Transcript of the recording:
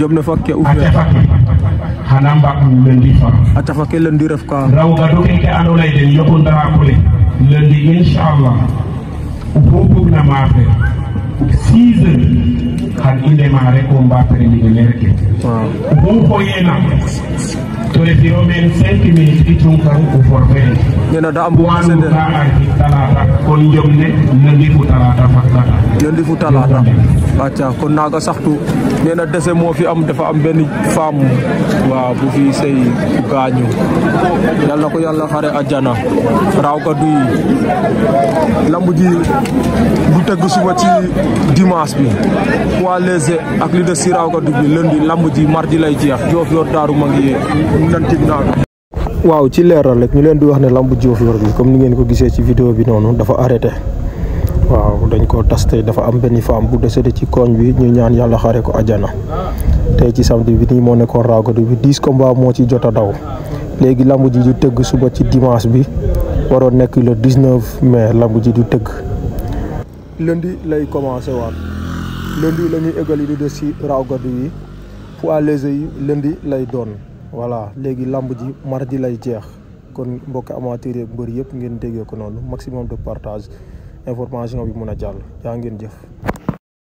jomde fakke ubbe hanamba ko lendi fa atta fakke lendi ref ka rawga do ke ando lay den yobon dara ko le lendi inshallah ubo bug na mafe season kan inde ma re ko mba pre ni lerke ubo ko yena to le biro men 5 minutes itun kan ko forbe nena da ambu sende ta arti talata kon jomne lendi fu talata fakka lendi fu talata acca kon naaga saxtu nee na dese moo fi am dafa am benn femme waaw bu fi sëy gaañu yal na ko yàlla xare àjjana raaw ka duy lamb ji bu tëgg suba ci dimanche bi poids léger ak li des si raaw ka du bi lundi lamb ji mar ji lay jeex joof yor daaru mag ngi yee nantim naaga waaw ci leeral rek ñu leen di wax ne lamb joof yor bi comme ni ngeen ko gisee ci vidéo bi noonu dafa arrêté waaw dañ ko tas dafa am benn femme bu décédé ci koñ bi ñuy ñaan yàlla xare ko ajana tey ci samedi bi nii moo nekkoon raagadu bi dix combat moo ci jot a daw léegi lamb ji du tëgg suba ci dimanche bi waroon nekk le 19 mais lamb ji du tëgg lundi lay commencé waat lundi la ñuy égal yi di des ci raagadu yi poids léger yi lundi lay doon voilà léegi lamb ji mardi lay jeex kon mbokk amateur mbër yëpp ngeen déggee ko noonu maximum de partage information bi mun a jàll yaa ngeen jëf